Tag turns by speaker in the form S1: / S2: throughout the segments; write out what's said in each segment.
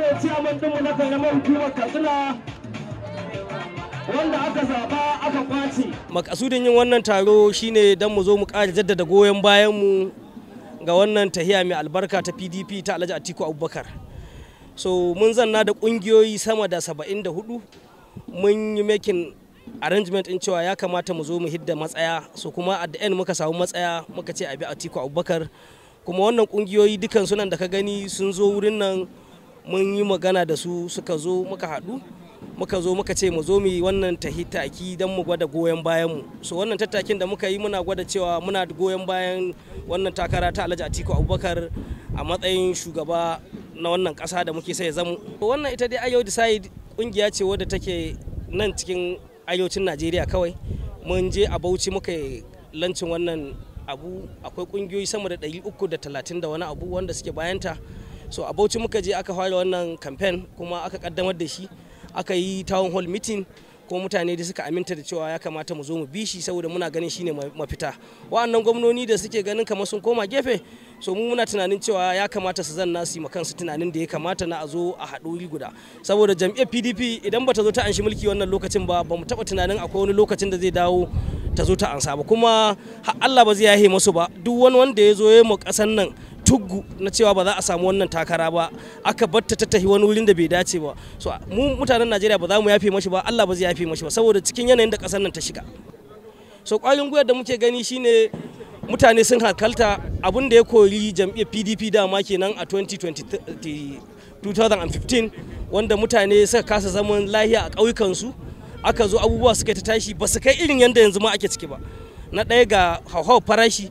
S1: ne ciyaman dinmu makasudin yin wannan taro shine don mu zo mu kare jaddada goyon bayan mu ga wannan tahiya mai albarka ta pdp ta alhaji atiku abubakar so mun zanna da ƙungiyoyi sama da saba'in da hudu mun yi makin arrangement in cewa ya kamata mu zo mu hidda matsaya so kuma at the muka samu matsaya muka ce abi atiku abubakar kuma wannan ƙungiyoyi dukan sunan da ka gani sun zo wurin nan mun yi magana da su suka zo muka haɗu muka zo muka ce mu zo mu yi wannan tahitaki don mu gwada goyon bayan mu so wannan tattakin da muka yi muna gwada cewa muna goyon bayan wannan takara ta Alhaji Atiku Abubakar a matsayin shugaba na wannan ƙasa da muke sai zamu wannan ita dai Ayo Decide kungiya ce wadda take nan cikin ayocin Najeriya kawai mun je a Bauchi muka lancin wannan abu akwai kungiyoyi sama da 330 da wani abu wanda suke bayanta so a bauchi muka je aka fara wannan campaign kuma aka kaddamar da shi aka yi town hall meeting ko mutane da suka aminta da cewa ya kamata mu zo mu bi shi saboda muna ganin shine mafita wa'annan gwamnoni da suke ganin kamar sun koma gefe so mu muna tunanin cewa ya kamata su zanna su yi kansu tunanin da ya kamata na a zo a haɗu guda saboda jam'iyyar pdp idan bata zo ta anshi mulki wannan lokacin ba ba mu taɓa tunanin akwai wani lokacin da zai dawo ta zo ta ansa ba kuma Allah ba zai yahe masu ba duk wani wanda ya zo ya mu ƙasan nan tuggu na cewa ba za a samu wannan takara ba aka batta ta tahi wani wurin da bai dace ba so mu mutanen Najeriya ba za mu yafe mashi ba Allah ba zai yafe mashi ba saboda cikin yanayin da kasar nan ta shiga so kwarin gwiwar da muke gani shine mutane sun hakalta abin da ya kori jam'iyyar PDP dama kenan a 2015 wanda mutane suka kasa zaman lahiya a su aka zo abubuwa suka ta tashi ba su kai irin yadda yanzu ma ake ciki ba na ɗaya ga hauhawar farashi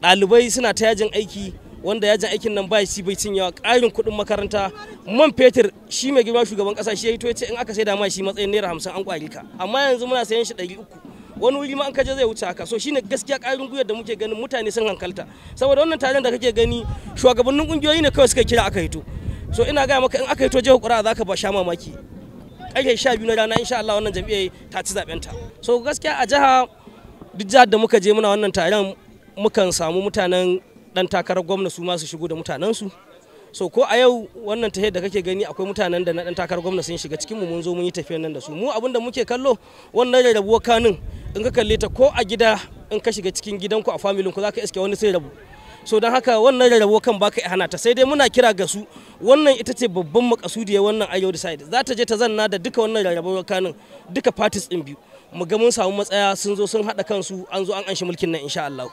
S1: ɗalibai suna ta yajin aiki wanda ya ji aikin nan bai si bai yawa ƙarin kuɗin makaranta man fetur shi mai girma shugaban ƙasa shi ya yi ya ce in aka saida ma shi matsayin naira hamsin an ƙwari ka amma yanzu muna sayan shi ɗari uku wani wuri ma an kaje zai wuce haka so shine gaskiya ƙarin gwiwar da muke ganin mutane sun hankalta saboda wannan taron da kake gani shugabannin ƙungiyoyi ne kawai suka kira aka hito so ina gaya maka in aka hito jihar ƙura za ka ba sha mamaki ƙarfe sha biyu na rana insha Allah wannan jam'iyyar ta ci zaɓenta so gaskiya a jiha duk jihar da muka je muna wannan taron mukan samu mutanen dan takarar gwamna su ma su shigo da mutanensu so ko a yau wannan tahe da kake gani akwai mutanen da na dan takarar gwamna sun shiga cikin mu mun zo mun yi tafiyan nan da su mu abin da muke kallo wannan rarrabuwar kanin in ka kalle ta ko a gida in ka shiga cikin gidanku a familin ku zaka iske wani sai rabu so don haka wannan rarrabuwar kan baka hana ta sai dai muna kira ga su wannan ita ce babban makasudiyar wannan ayo side za ta je ta zanna da duka wannan rarrabuwar kanin duka parties din biyu mu ga mun samu matsaya sun zo sun haɗa kansu an zo an anshi mulkin nan insha Allah